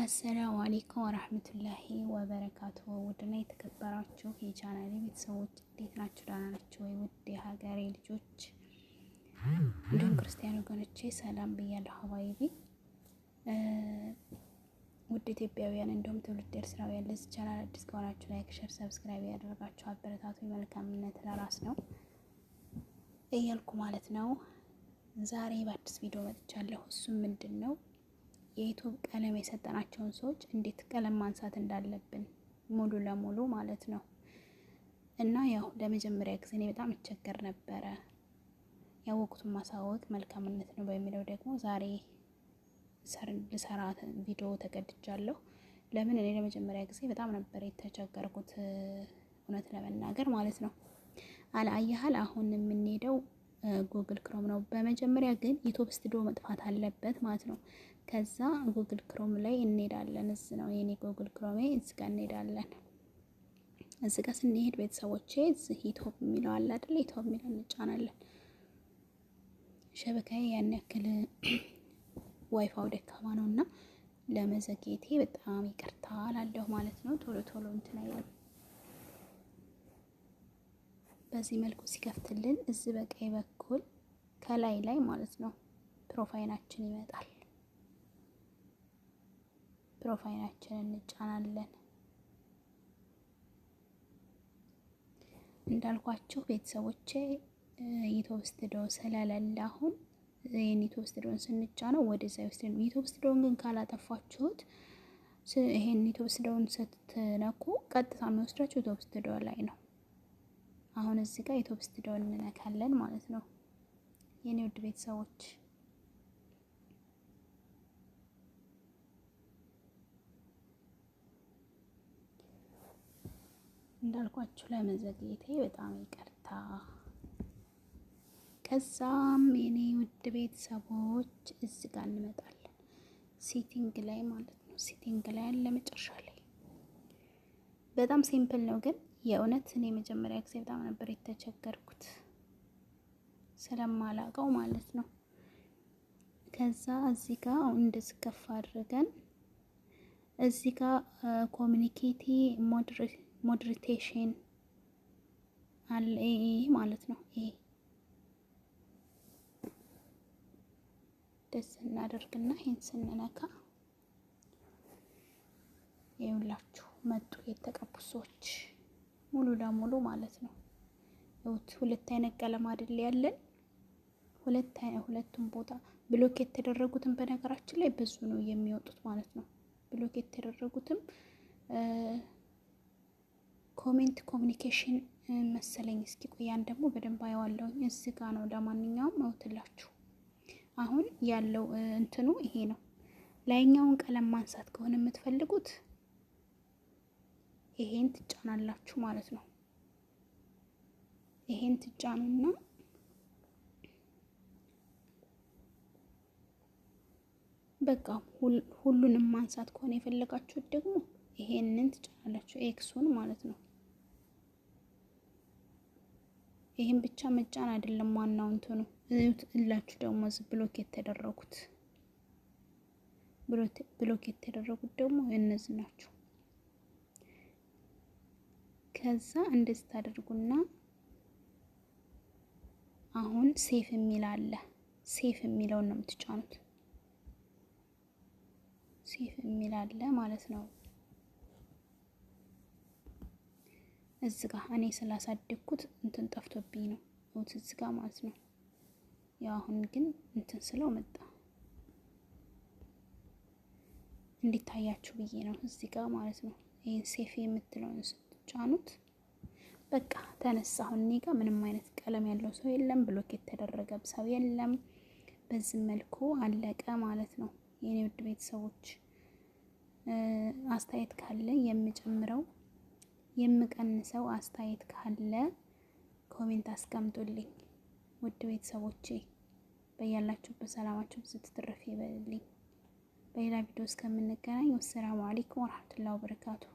አሰላሙ አሌይኩም ወራህመቱላሂ ወበረካቱ። ውድና የተከበራችሁ የቻናሌ ቤተሰቦች እንዴት ናችሁ? ደህና ናችሁ ወይ? ውድ የሀገሬ ልጆች እንዲሁም ክርስቲያን ወገኖቼ ሰላም ብያለሁ። ሀባይቢ ውድ ኢትዮጵያውያን እንዲሁም ትውልድ ኤርትራውያን ለዚህ ቻናል አዲስ ከሆናችሁ ላይክ፣ ሸር፣ ሰብስክራይብ ያደረጋችሁ አበረታቱ። መልካምነት ለራስ ነው እያልኩ ማለት ነው ዛሬ በአዲስ ቪዲዮ መጥቻለሁ። እሱም ምንድን ነው የዩቱብ ቀለም የሰጠናቸውን ሰዎች እንዴት ቀለም ማንሳት እንዳለብን ሙሉ ለሙሉ ማለት ነው። እና ያው ለመጀመሪያ ጊዜ እኔ በጣም እቸገር ነበረ። ያወቁትን ማሳወቅ መልካምነት ነው በሚለው ደግሞ ዛሬ ልሰራ ቪዲዮ ተገድጃለሁ። ለምን እኔ ለመጀመሪያ ጊዜ በጣም ነበር የተቸገርኩት፣ እውነት ለመናገር ማለት ነው። አልአያህል አሁን የምንሄደው ጉግል ክሮም ነው። በመጀመሪያ ግን ዩቱብ ስቱዲዮ መጥፋት አለበት ማለት ነው። ከዛ ጉግል ክሮም ላይ እንሄዳለን። እዚ ነው የኔ ጉግል ክሮሜ። እዚ ጋር እንሄዳለን። እዚ ጋር ስንሄድ ቤተሰቦቼ እዚህ ሂቶፕ የሚለው አለ አይደል? ሂቶፕ የሚለው እንጫናለን። ሸበካዬ ያን ያክል ዋይፋው ደካማ ነው እና ለመዘግየቴ በጣም ይቅርታ አላለሁ ማለት ነው። ቶሎ ቶሎ እንትን አይልም። በዚህ መልኩ ሲከፍትልን እዚህ በቀኝ በኩል ከላይ ላይ ማለት ነው ፕሮፋይላችን ይመጣል። ፕሮፋይላችንን እንጫናለን። እንዳልኳችሁ ቤተሰቦቼ የተወሰደው ስለሌለ አሁን ይህን የተወሰደውን ስንጫነው ወደዛ ይወስደን። የተወሰደውን ግን ካላጠፋችሁት ይሄን የተወሰደውን ስትነኩ ቀጥታ የሚወስዳችሁ የተወሰደው ላይ ነው። አሁን እዚህ ጋር የተወሰደውን እንነካለን ማለት ነው። የኔ ውድ ቤተሰቦች እንዳልኳችሁ ለመዘግየቴ በጣም ይቅርታ። ከዛም የኔ ውድ ቤተሰቦች እዚህ ጋር እንመጣለን። ሴቲንግ ላይ ማለት ነው። ሴቲንግ ላይ ያለ መጨረሻ ላይ በጣም ሲምፕል ነው፣ ግን የእውነት እኔ መጀመሪያ ጊዜ በጣም ነበር የተቸገርኩት ስለማላቀው ማለት ነው። ከዛ እዚህ ጋር እንደስከፍ አድርገን እዚህ ጋር ኮሚኒኬቲ ሞድሬት ሞድሪቴሽን አለ ማለት ነው። ይሄ ደስ እናደርግና ይህን ስንነካ ይኸውላችሁ መጡ የተቀቡ ሰዎች ሙሉ ለሙሉ ማለት ነው። ሁለት አይነት ቀለም አይደል ያለን ሁለት ሁለቱም ቦታ ብሎክ የተደረጉትም በነገራችን ላይ ብዙ ነው የሚወጡት ማለት ነው። ብሎክ የተደረጉትም ኮሜንት ኮሚኒኬሽን መሰለኝ። እስኪ ቆያን ደግሞ በደንብ አየዋለሁኝ። እዚህ ጋ ነው። ለማንኛውም አውትላችሁ አሁን ያለው እንትኑ ይሄ ነው። ላይኛውን ቀለም ማንሳት ከሆነ የምትፈልጉት ይሄን ትጫናላችሁ ማለት ነው። ይሄን ትጫኑና በቃ ሁሉንም ማንሳት ከሆነ የፈለጋችሁት ደግሞ ይሄንን ትጫናላችሁ ኤክሱን ማለት ነው። ይህም ብቻ መጫን አይደለም ዋናው እንትኑ እዩት። እላችሁ ደግሞ ብሎኬት ተደረጉት ብሎክ የተደረጉት ደግሞ እነዚህ ናቸው። ከዛ እንደዚህ ታደርጉና አሁን ሴፍ የሚል አለ። ሴፍ የሚለውን ነው የምትጫኑት። ሴፍ የሚል አለ ማለት ነው። እዚጋ እኔ ስላሳደግኩት እንትን ጠፍቶብኝ ነው ሞት እዚህ ማለት ነው። ያው አሁን ግን እንትን ስለው መጣ እንዲታያችሁ ብዬ ነው እዚህ ጋ ማለት ነው። ይህን ሴፍ የምትለውን ስትጫኑት በቃ ተነሳ። አሁን እኔ ጋ ምንም አይነት ቀለም ያለው ሰው የለም፣ ብሎክ የተደረገ ሰው የለም። በዚህ መልኩ አለቀ ማለት ነው። የኔ ውድ ቤተሰቦች አስተያየት ካለ የምጨምረው የምቀንሰው አስተያየት ካለ ኮሜንት አስቀምጡልኝ። ውድ ቤተሰቦቼ በያላችሁበት ሰላማችሁ ብዙ ትትረፍ ይበልልኝ። በሌላ ቪዲዮ እስከምንገናኝ ወሰላሙ አለይኩም ወራህመቱላሂ ወበረካቱሁ።